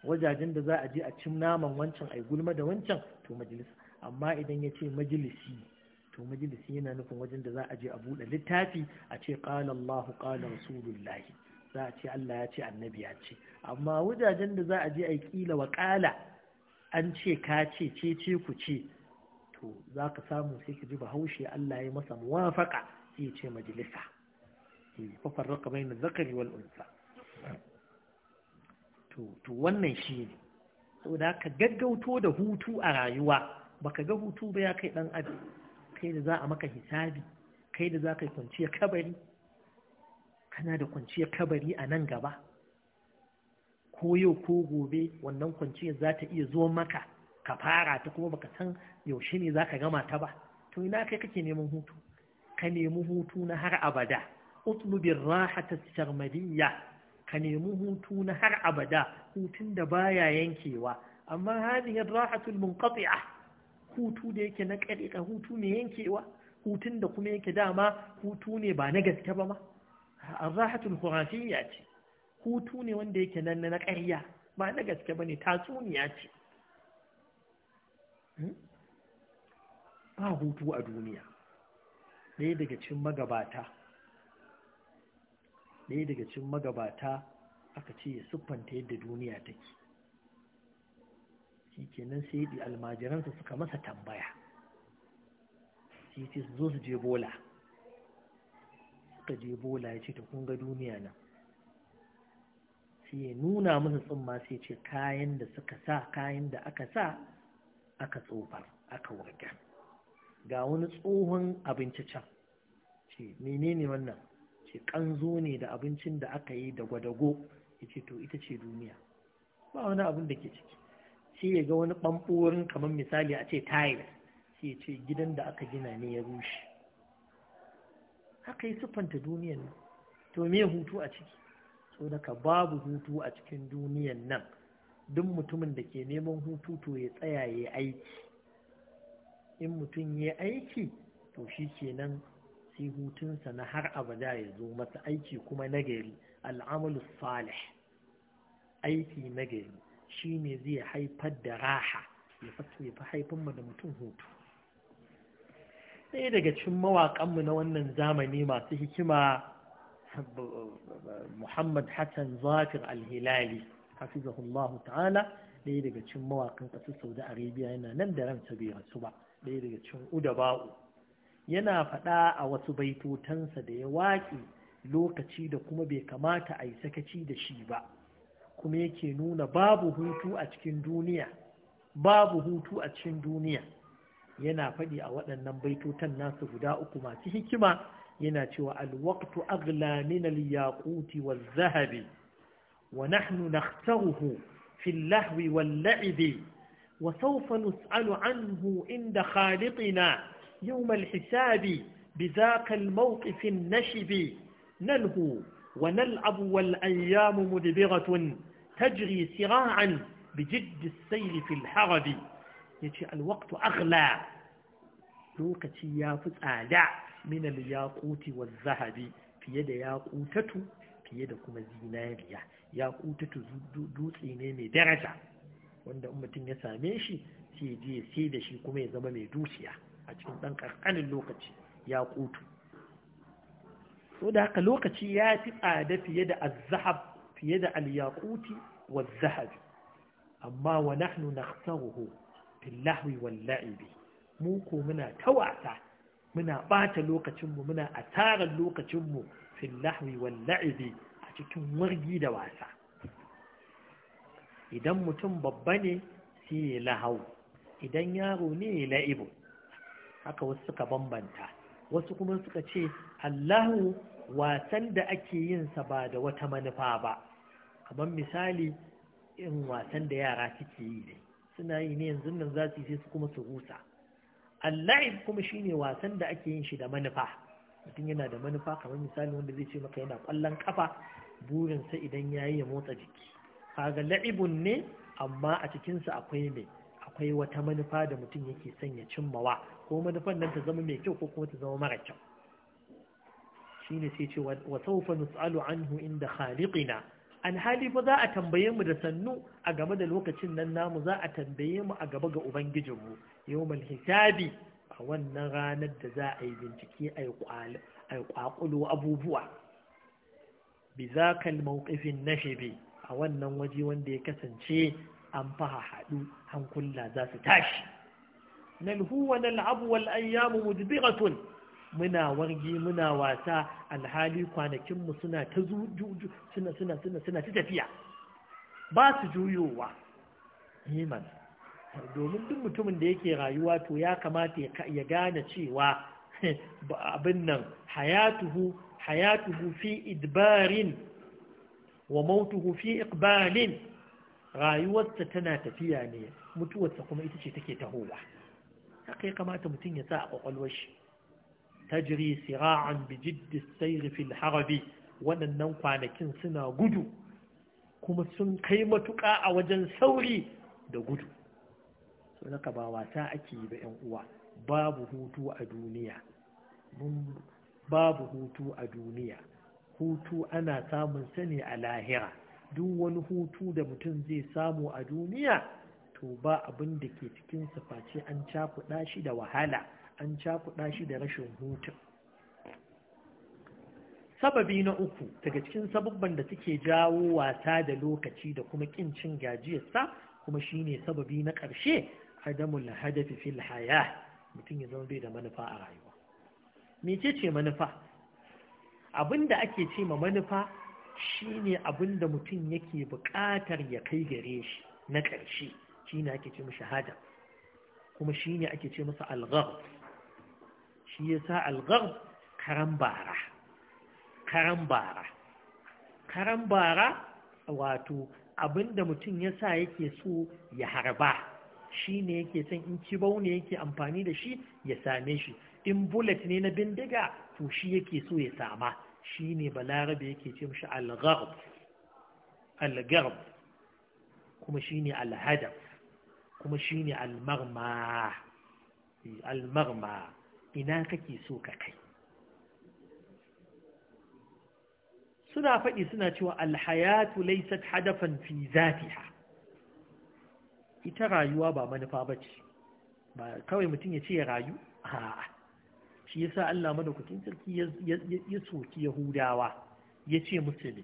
wajajen da za a je a cin naman wancan ai gulma da wancan to majalisa amma idan ya ce majalisi to majalisi yana nufin wajen da za a je a buɗe littafi a ce qala Allahu qala Rasulullahi za a ce Allah ya ce annabi ya ce amma wajajen da za a je a yi kila wa kala an ce ka ce ce ce ku ce to za ka samu sai ka ji bahaushe Allah ya masa muwafaka sai ya ce majalisa eh, raka mai na zakari wal unsa to to wannan shi ne sau da ka gaggauto da hutu a rayuwa baka ga hutu ba ya kai dan adam kai da za a maka hisabi kai da za ka yi kwanciya kabari kana da kwanciyar kabari a nan gaba ko yau ko gobe wannan kwanciyar za ta iya zo maka ka fara ta kuma baka san yaushe ne za ka gama ta ba to ina kai kake neman hutu ka nemi hutu na har abada utlubin rahata sarmadiyya ka nemi hutu na har abada hutun da baya yankewa amma hadhihi rahatul munqati'a hutu da yake na kadika hutu ne yankewa hutun da kuma yake dama hutu ne ba na gaske ba ma arrahatul khurafiyya ce hutu ne wanda yake nan na ƙarya ba na gaske ba ne, tatsuniya ce ba hutu a duniya ɗaya daga cikin magabata ɗaya daga cikin magabata aka ce ya siffanta yadda duniya take shi kenan sai almajiransa suka masa tambaya sai su zo su je bola suka je bola ya ce ta kunga duniya nan?" sai nuna musu tsumma sai ce kayan da suka sa kayan da aka sa aka tsofar aka wurga ga wani tsohon abinci can ce menene wannan ce kanzo ne da abincin da aka yi da gwadago ya ce to ita ce duniya ba wani abin da ke ciki sai ya ga wani ɓamɓorin kamar misali a ce tayil sai ce gidan da aka gina ne ya rushe haka yi siffanta duniyan nan to me hutu a ciki so daga babu hutu a cikin duniyan nan duk mutumin da ke neman hutu to ya tsaya ya yi aiki in mutum ya aiki to shi kenan sai hutunsa na har abada ya zo masa aiki kuma nagari al'amalu salih aiki nagari ne zai haifar da raha ya fi haifar da mutum hutu sai daga cikin mawaƙanmu na wannan zamani masu hikima Muhammad Hassan Zafir Al-Hilali hafizahullahu ta'ala ɗaya daga cin mawaƙan ƙasar Saudi Arabia yana nan da ransa bai rasu ba ɗaya daga cikin ba'u yana faɗa a wasu baitotansa da ya waƙi lokaci da kuma bai kamata a yi sakaci da shi ba kuma yake nuna babu hutu a cikin duniya babu hutu a cikin duniya yana faɗi a waɗannan baitotan nasu guda uku masu hikima yana cewa alwaqtu aghla min alyaquti waz wa nahnu nakhtaruhu fi allahwi wallabi wa sawfa nus'alu anhu inda khaliqina yawm al-hisabi بذاك الموقف النشب نلهو ونلعب والأيام مدبرة تجري سراعا بجد السير في الحرب ya ce alwaktu aghla lokaci ya fi tsada minal kuti wa zahabi fiye da yaƙutatu fiye da kuma zinariya yaƙutatu dutse ne mai daraja wanda mutum ya same shi sai je sai da shi kuma ya zama mai dukiya a cikin ɗan ƙarƙanin lokaci ya yaƙutu so da haka lokaci ya fi tsada fiye da azahab fiye da alyaƙuti wa zahabi amma wa nahnu nakhsaruhu fil lahwi mu ko muna wasa muna bata lokacin mu muna asarar lokacin mu fil a cikin wargi da wasa idan mutum babba ne sai ya lahau idan yaro ne ya la'ibu haka wasu suka bambanta wasu kuma suka ce allahu wasan da ake yin sa ba da wata manufa ba kamar misali in wasan da yara suke yi ne suna yi ne yanzu nan za su yi su kuma su rusa al kuma shine wasan da ake yin shi da manufa mutum yana da manufa kamar misali wanda zai ce maka yana kwallon kafa burinsa idan ya yi ya motsa jiki kaga la'ibun ne amma a cikinsa akwai mai akwai wata manufa da mutum yake son ya cimmawa ko manufan nan ta zama mai kyau ko kuma ta zama mara kyau shine sai ce wa sawfa nus'alu anhu inda khaliqina alhali fa za a tambaye mu da sannu a game da lokacin nan namu za a tambaye mu a gaba ga ubangijinmu yawmal hisabi a wannan ranar da za a yi bincike a yi kwakulo abubuwa bi za kal mawqifin nashibi a wannan waje wanda ya kasance an faha haɗu hankula za su tashi nalhu wa nal'abu wal ayyamu mudbiratun muna wargi muna wasa alhali kwanakinmu suna ta suna ta tafiya ba su juyowa neman eh, domin duk mutumin da yake rayuwa to ya kamata ya gane cewa [LAUGHS] abin nan hayatuhu hayatuhu fi idbarin wa mautuhu fi iqbalin rayuwarsa tana tafiya ne mutuwarsa kuma ita ce take tahowa haka ya kamata mutum ya sa a kwakwalwar shi Tajiri, sira'an bi jiddi harabi waɗannan kwanakin suna gudu kuma sun kai matuƙa a wajen sauri da gudu saboda ba wasa ake yi ba 'yan uwa babu hutu a duniya babu hutu a duniya hutu ana samun sani a lahira duk wani hutu da mutum zai samu a duniya to ba abin da ke cikin face an cakuɗa shi da wahala an cakuɗa shi da rashin hutun sababi na uku daga cikin sababban da suke jawo wata da lokaci da kuma ƙin cin gajiyarsa kuma shine sababi na ƙarshe adamul hadafi fil haya mutum ya zama bai da manufa a rayuwa mece ce manufa abinda ake ce ma manufa shine da mutum yake buƙatar ya kai gare shi na ƙarshe shine ake ce shahada, kuma shine ake ce masa alghar shi sa algarb karan bara karan bara karan bara wato abinda mutum yasa yake so ya harba shi ne yake son in kibau ne yake amfani da shi ya same shi in bullet ne na bindiga to shi yake so ya sama shi ne balarabe yake ce mashi algarb algarb kuma shi ne alhadaf kuma shi ne almarma eh, ina kake so ka kai suna faɗi suna cewa alhayatu laysat hadafan fi zatiha ita rayuwa ba manufa bace ba kawai mutum ya ce ya rayu a'a shi yasa Allah madaukakin sarki ya soki Yahudawa ya ce musu ne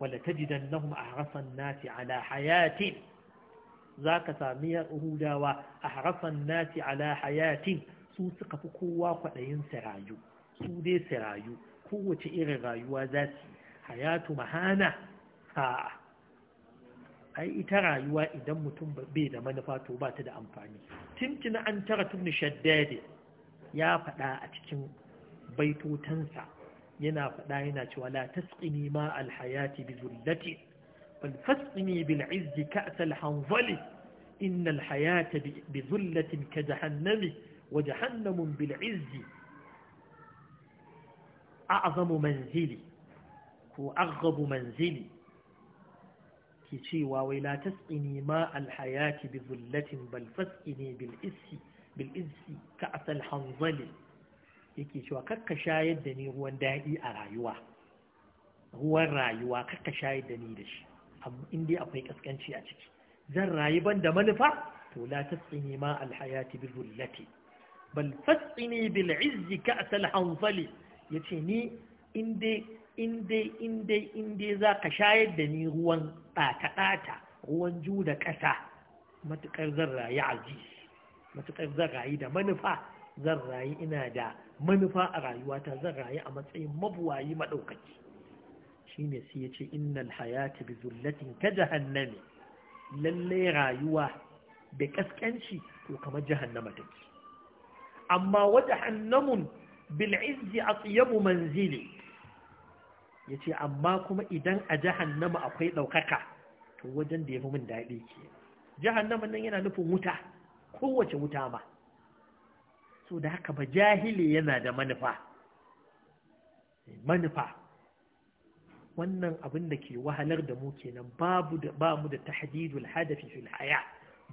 wala a harafan nasi ala hayatin zaka sami Yahudawa harafan nasi ala hayatin su suka fi kowa kwaɗayin sirayu su dai sirayu kowace irin rayuwa za su hayatu mahana ha ai ita rayuwa idan mutum bai da manufa to ba ta da amfani tuntuna an tara tun shaddade ya faɗa a cikin baitotansa yana faɗa yana cewa la tasqini ma alhayati bi zullati bal fasqini bil izzi ka'sal hanzali innal hayata bi zullatin ka jahannami wa jahannamun bil'izzi a azamu manzili ko agabu manzili ki cewa wai latas inima alhayati bi zullatin balfas ine bil'izzi ka asal hanzali yake cewa kakka shayar da ni ruwan daɗi a rayuwa ruwan rayuwa kakka shayar da ni da shi akwai kaskanci a ciki zan rayu ban da manufa to latas inima alhayati bi zullatin bal bil'izzi bil izzi ka'sal Ya yace ni inde inde inde inde za ka shayar da ni ruwan ɗata ɗata ruwan ju da ƙasa matuƙar zan rayu aziz matuƙar zan rayu da manufa zan rayu ina da manufa a rayuwata zan rayu a matsayin mabuwayi maɗaukaki shine sai ya ce innal hayata bi zullatin ka jahannami Lallai rayuwa da kaskanci to kamar jahannama take amma wata hannamun bil'izzi a tsiyabu manzili ya ce amma kuma idan a jahannama akwai ɗaukaka to wajen da ya fi min daɗi ke jahannama nan yana nufin wuta kowace wuta ma so da haka ba jahili yana da manufa manufa wannan abin da ke wahalar da mu kenan babu da ba mu da tahdidul hadafi fil haya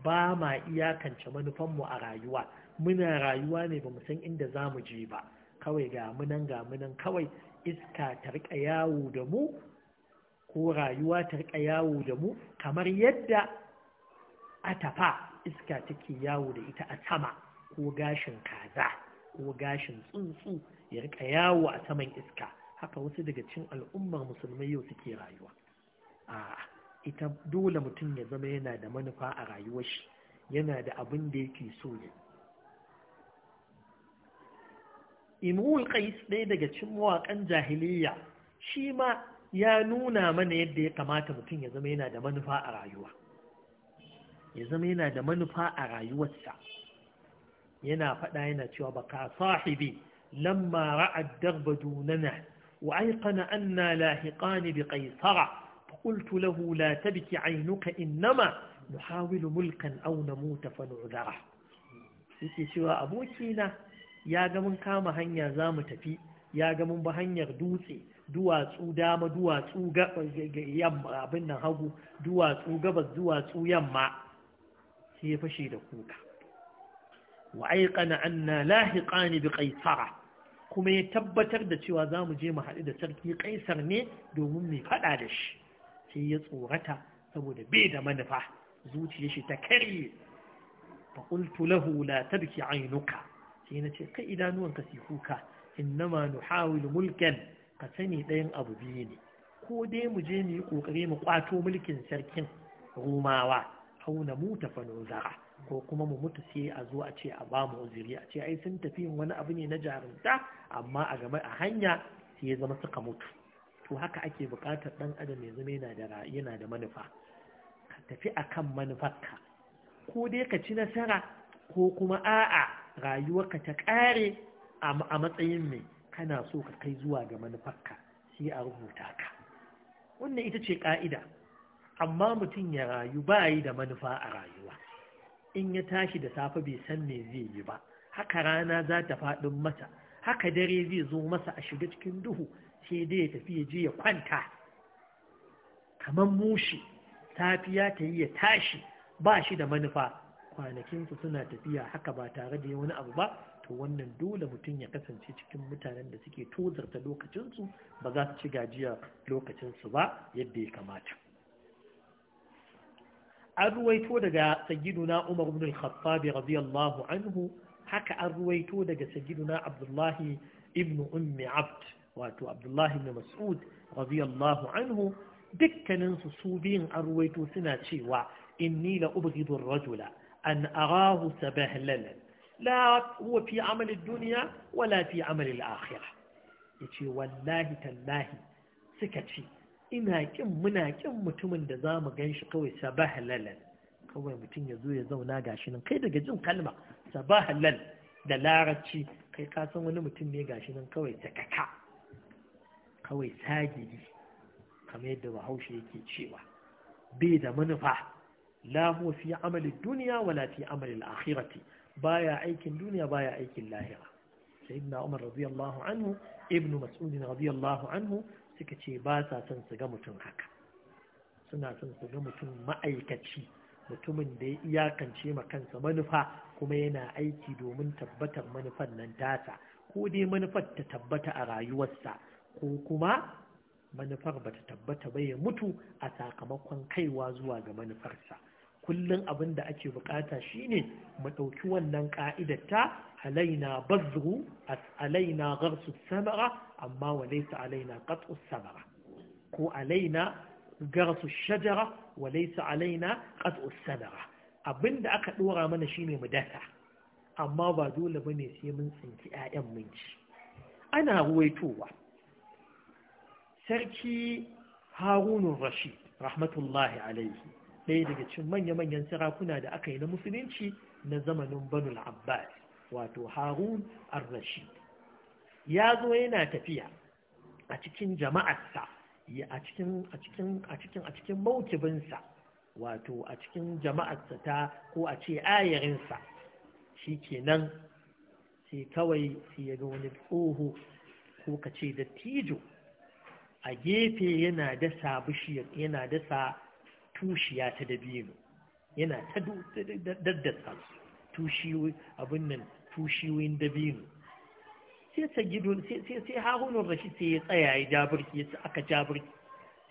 ba ma iyakance manufanmu a rayuwa muna rayuwa ne ba san inda za mu je ba kawai ga munan ga munan kawai iska ta riƙa yawo da mu ko rayuwa ta riƙa yawo da mu kamar yadda a tafa iska take yawo da ita a sama ko gashin kaza ko gashin tsuntsu ya riƙa yawo a saman iska haka wasu daga cin al'ummar musulmai yau suke rayuwa a ita dole mutum ya zama yana da manufa a rayuwar shi yana da abin da yake so ya imul kais ɗaya daga cikin mawaƙan jahiliya shi ma ya nuna mana yadda ya kamata mutum ya zama yana da manufa a rayuwa ya zama yana da manufa a rayuwarsa yana faɗa yana cewa baka sahibi lamma ra'ad darba dunana wa aiqana anna lahiqani bi qaisara fa qultu lahu la tabki aynuka innama nuhawilu mulkan aw namuta fa nu'dara yake cewa abokina ya ga mun kama hanya za mu tafi ya ga mun ba hanyar dutse duwatsu dama duwatsu yamma abin nan hagu duwatsu gabas duwatsu yamma sai ya fashe da kuka wa aiqana anna lahiqani bi qaisara kuma ya tabbatar da cewa za mu je mu haɗu da sarki kaisar ne domin mai faɗa da shi sai ya tsorata saboda bai da manufa zuciyar shi ta karye fa qultu lahu la tabki ainuka sai na ce kai idanuwanka ka kuka nu nuhawilu mulkan ka sani ɗayan abu biyu ne ko dai mu je mu yi ƙoƙari mu ƙwato mulkin sarkin rumawa au na muta fanozara ko kuma mu mutu sai a zo a ce a ba mu uzuri a ce ai sun tafi wani abu ne na jarumta amma a game a hanya sai ya zama suka mutu to haka ake buƙatar ɗan adam ya zama yana da yana da manufa ka tafi akan manufarka ko dai ka ci nasara ko kuma a'a rayuwarka ta ƙare a matsayin mai kana so ka kai zuwa ga manufarka sai a rubuta ka wannan ita ce ƙa'ida amma mutum ya rayu ba yi da manufa a rayuwa in ya tashi da safe bai san me zai yi ba haka rana za ta faɗi masa haka dare zai zo masa a shiga cikin duhu sai dai ya tafi ya je ya kwanta kamar mushi safiya ta yi ya tashi ba shi da manufa kwanakinsu suna tafiya haka ba tare da wani abu ba to wannan dole mutum ya kasance cikin mutanen da suke tozarta lokacinsu ba za su ci gajiya lokacinsu ba yadda ya kamata an ruwaito daga na umar ibn al-khattab radiyallahu anhu haka an ruwaito daga na abdullahi ibn ummi abd wato abdullahi ibn mas'ud radiyallahu anhu dukkaninsu su biyun an ruwaito suna cewa inni la ubghidu ar-rajula أن أراه سبهللا fi هو في عمل الدنيا ولا في عمل الآخرة wallahi tallahi suka سكتي ina kin muna kin mutumin da zamu ganshi gan shi kawai sabahalalan kawai mutum ya zo ya zauna gashi nan kai daga jin kalma sabahalal da larabci kai ka san wani mutum ne gashi nan kawai sakaka kawai sagiri kamar yadda bahaushe yake cewa bai da manufa Lahofi fi amali duniya wala fi amali akhirati baya aikin duniya baya aikin lahira sayyidina umar radiyallahu anhu ibnu mas'ud radiyallahu anhu suka ce ba sa son su ga mutum haka suna son su ga mutum ma'aikaci mutumin da ya iyakance ma kansa manufa kuma yana aiki domin tabbatar manufar nan tata ko dai manufar ta tabbata a rayuwarsa ko kuma manufar ba ta tabbata ba ya mutu a sakamakon kaiwa zuwa ga manufarsa kullum abin da ake bukata shine mu ɗauki wannan ka'idar ta alaina bazru alaina gharsu samara amma walaysa alaina qat'u samara ko alaina gharsu shajara walaysa alaina qat'u samara abin da aka dora mana shine mu data amma ba dole bane sai mun tsinki ƴaƴan mun ci ana ruwaitowa sarki harunun rashid rahmatullahi alaihi ɗaya daga cikin manya-manyan sarakuna da aka yi na musulunci na zamanin banul abbas wato harun ar-rashid ya zo yana tafiya a cikin jama'arsa a cikin a cikin a cikin a cikin maukibinsa wato a cikin jama'arsa ta ko a ce ayarinsa shi kenan sai kawai sai ya ga wani tsoho ko kace ce dattijo a gefe yana dasa bishiyar yana dasa tushiya ta dabino yana ta daddasa tushiyoyi abin nan tushiyoyin dabino sai ta gidon sai harunan rashi sai ya tsaya ya jabirki ya aka jabirki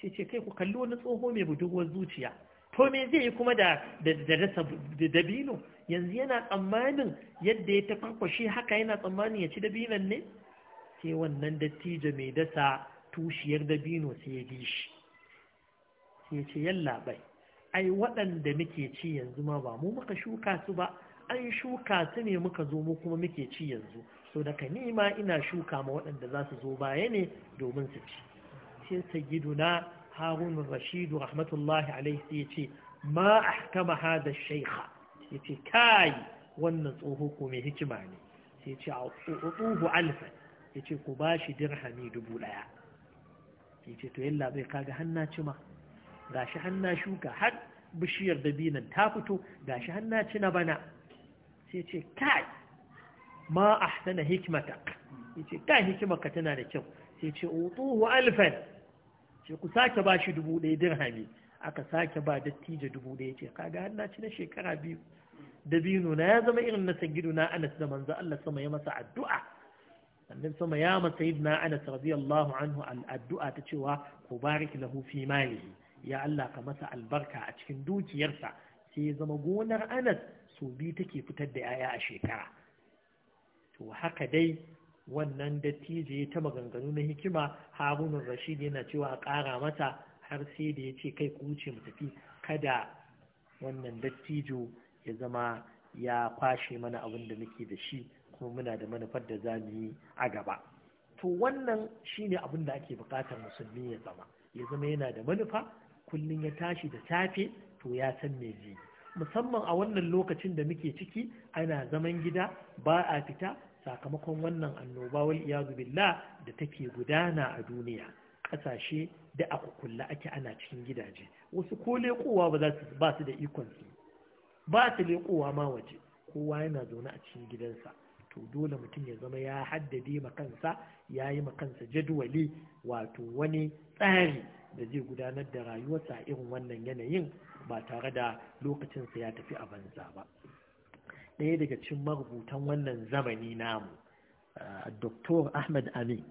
sai ce kai ku kalli wani tsoho mai budurwar zuciya to me zai yi kuma da rasa dabino yanzu yana tsammanin yadda ya tafarkwashe haka yana tsammanin ya ci dabinon ne sai wannan dattijo mai dasa tushiyar dabino sai ya bi shi ya ce yalla bai ai waɗanda muke ci yanzu ma ba mu muka shuka su ba an shuka su ne muka zo mu kuma muke ci yanzu so daga ni ma ina shuka ma waɗanda za su zo baya ne domin su ci sai sayyiduna harun rashidu rahmatullahi alaihi sai ya ce ma ahkama hada shaykha ya ce kai wannan tsoho ko mai hikima ne sai ya ce a tsoho alfa ya ce ku ba shi dirhami dubu ɗaya ya ce to yalla bai kaga hannaci ma gashi hanna shuka har bishiyar dabinan ta fito gashi hanna ci na bana sai ce kai ma ahsana hikmatak yace kai hikimarka tana da kyau sai ce utuhu alfan sai ku sake ba shi dubu ɗaya dirhami aka sake ba dattija dubu ɗaya ce kaga har na ci na shekara biyu dabino na ya zama irin na sagidu na anas da manzo Allah sama ya masa addu'a annabi sama ya masa na anas radiyallahu anhu al addu'a ta cewa ku barik lahu fi malihi ya Allah ka masa albarka a cikin dukiyarsa sai ya zama gonar anas so biyu take fitar da 'ya'ya a shekara to haka dai wannan dattijo ya ta maganganu na hikima Harun rashid yana cewa a ƙara mata har sai da ya ce kai ku wuce mu tafi kada wannan dattijo ya zama ya kwashe mana abin da muke da shi kuma muna da manufar da za mu yi a gaba to wannan shine abin da ake buƙatar musulmi ya zama ya zama yana da manufa kullum ya tashi da safe to ya san me zai musamman a wannan lokacin da muke ciki ana zaman gida ba a fita sakamakon wannan annoba wal iyadu billah da take gudana a duniya kasashe da a kulla ake ana cikin gidaje wasu ko lekowa ba su ba su da ikon su ba su lekowa ma waje kowa yana zaune a cikin gidansa to dole mutum ya zama ya haddade ma kansa ya yi ma kansa jadwali wato wani tsari da zai gudanar da rayuwarsa a irin wannan yanayin ba tare da lokacinsa ya tafi a banza ba ɗaya daga cikin marubutan wannan zamani namu ah, Dr. Ahmad Amin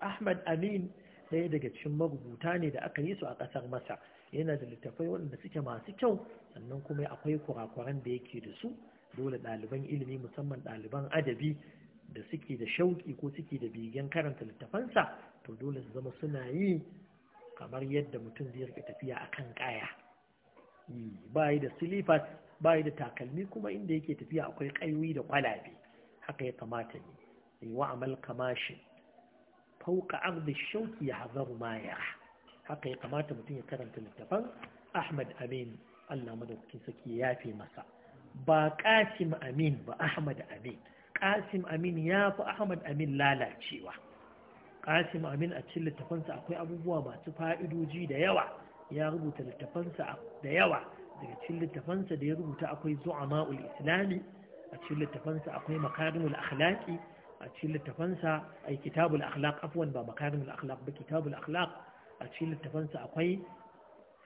Ahmad Amin ɗaya daga cikin marubuta ne da aka yi su a ƙasar Masar yana da littafai waɗanda suke masu kyau sannan kuma akwai kurakuran da yake da su dole ɗaliban ilimi musamman ɗaliban adabi da suke da shauƙi ko suke da bigen karanta littafansa to dole su zama suna yi kamar yadda mutum zai rika tafiya a kan kaya hmm, bayi da silifas bayi da takalmi kuma inda yake tafiya akwai ƙaiwi da kwalabe haka ya kamata ne yi wa'amal kamashi fauka arzi shauki ya hazaru ma yara haka ya kamata mutum ya karanta littafan ahmad amin allah madaukakin saki ya yafe masa ba kasim amin ba ahmad amin kasim amin ya fi ahmad amin lalacewa qasim amin a cikin littafansa akwai abubuwa masu fa'idoji da yawa ya rubuta littafansa da yawa daga cikin littafansa da ya rubuta akwai zu'ama'ul islami a cikin littafansa akwai makarimul akhlaqi a cikin littafansa yi kitabul akhlaq afwan ba makarimul akhlaq ba kitabul akhlaq a cikin littafansa akwai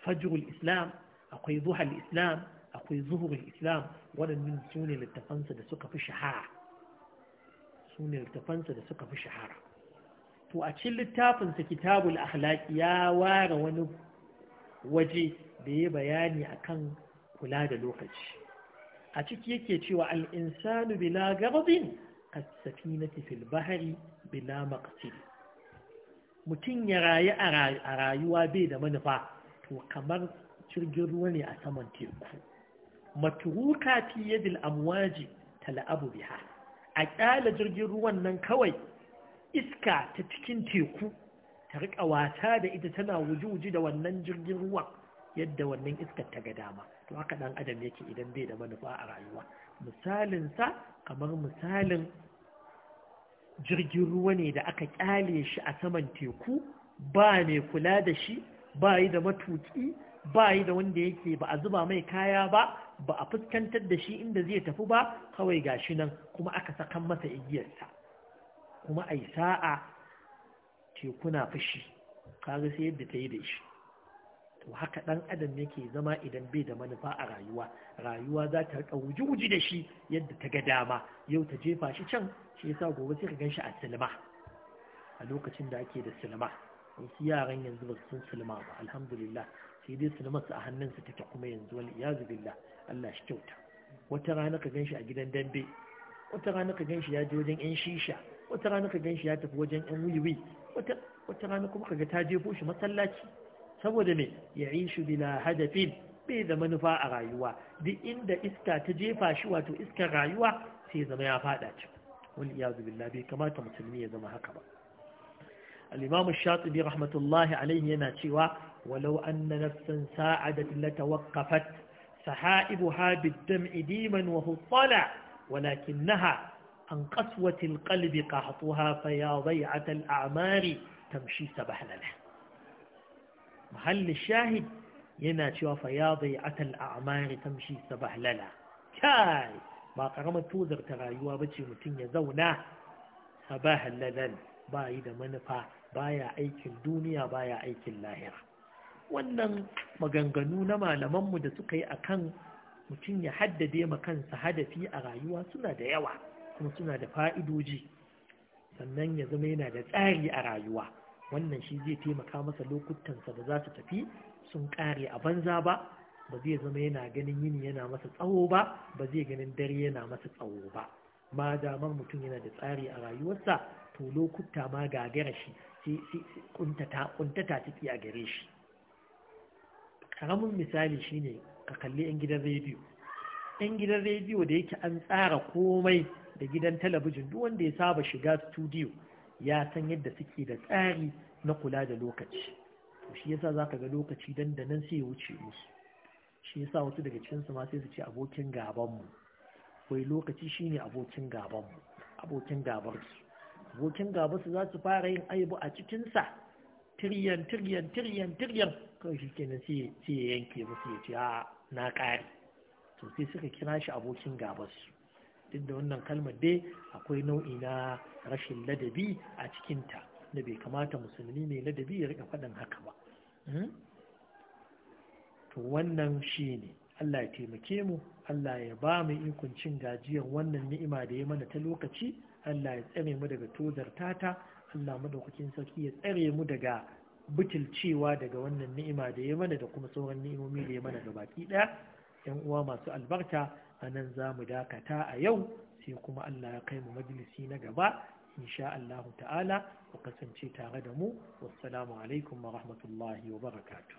fajrul islam akwai zuhal islam akwai zuhurul islam waɗannan su ne littafansa da suka fi shahara su ne littafansa da suka fi shahara to a cikin littafinsa kitabul akhlaqi ya ware wani waje da ya bayani akan kula da lokaci a ciki yake cewa al-insanu bila garbin as-safinati fil bahri bila maqsid mutum ya rayu a rayuwa bai da manufa to kamar jirgin ruwa ne a saman teku maturuka fi yadil amwaji tal'abu biha a ƙyala jirgin ruwan nan kawai iska ta cikin teku ta riƙa wata da ita tana wuji-wuji da wannan jirgin ruwa yadda wannan iskar ta ga dama to haka ɗan adam yake idan bai da manufa a rayuwa Misalin sa kamar misalin jirgin ruwa ne da aka kyale shi a saman teku ba mai kula da shi ba yi da matuƙi ba yi da wanda yake ba a zuba mai kaya ba ba a fuskantar da shi inda zai tafi ba kawai gashi nan kuma aka sakan masa igiyarsa kuma a yi sa'a tekuna fushi kaga sai yadda ta yi da shi to haka ɗan adam yake zama idan bai da manufa a rayuwa rayuwa za ta rika wuji-wuji da shi yadda ta ga dama yau ta jefa shi can shi yasa gobe sai ka ganshi a silma a lokacin da ake da silma wasu yaran yanzu ba su san silma ba alhamdulillah sai dai silma su a hannunsu take kuma yanzu wani. iyazu billah Allah shi kyauta wata rana ka ganshi a gidan dambe wata rana ka ganshi ya je wajen yan shisha wata rana ka ganshi ya tafi wajen yan wiwi wata rana kuma kaga ta jefo shi masallaci saboda me ya ishu bila hadafin bai da manufa a rayuwa duk inda iska ta jefa shi wato iskar rayuwa sai zama ya fada ci wani iyadu billah bai kamata musulmi ya zama haka ba al-imam shatibi rahmatullahi alaihi yana cewa walau anna nafsan sa'adat latawaqqafat sahaibuha bid-dam'i diman wa huttala ولكنها an qaswatil ƙalbi qahtuha fa ya bai'at a'mari tamshi sabahlala mahall shahid yana cewa fa ya bai'at al a'mari tamshi sabahlala kai ba ƙaramar tozar ta rayuwa ce mutum ya zauna sabahlalan ba yi da manufa baya aikin duniya baya aikin lahira wannan maganganu na malamanmu da suka yi akan mutum ya haddade ma kansa hadafi a rayuwa suna da yawa kuma suna da fa'idoji sannan ya zama yana da tsari a rayuwa wannan shi zai taimaka masa lokutansa da za su tafi sun ƙare a banza ba ba zai zama yana ganin yini yana masa tsawo ba ba zai ganin dare yana masa tsawo ba ma damar mutum yana da tsari a rayuwarsa to lokuta ma gagara shi kuntata ciki a gare shi karamin misali shine ka kalli 'yan gidan rediyo 'yan gidan rediyo da yake an tsara komai da gidan talabijin duk wanda ya saba shiga studio ya san yadda suke da tsari na kula da lokaci to shi yasa zaka ga lokaci da nan sai ya wuce musu shi yasa wasu daga cikin su ma sai su ce abokin gaban mu wai lokaci shine abokin gaban mu abokin gabar su abokin gaban su za su fara yin aibu a cikin sa tiryan tiryan tiryan tiryan kawai shi kenan sai ya yanke musu ya ce a na kare." to sai suka kira shi abokin gabar su inda wannan kalmar dai akwai nau'i na rashin ladabi a cikinta da bai kamata musulmi mai ladabi ya rika faɗin haka ba hmm? to wannan shi ne Allah ya taimake mu Allah ya ba mu ikon cin gajiyar wannan ni'ima da ya mana ta lokaci Allah ya tsare mu daga tozar tata Allah madaukakin sarki ya tsare mu daga butulcewa daga wannan ni'ima da ya mana da kuma sauran ni'imomi da ya mana gabaki ɗaya 'yan uwa masu albarka a nan za mu dakata a yau sai kuma Allah ya kai mu majalisi na gaba insha Allah ta'ala ku kasance tare da mu wassalamu alaikum wa rahmatullahi wa barakatuh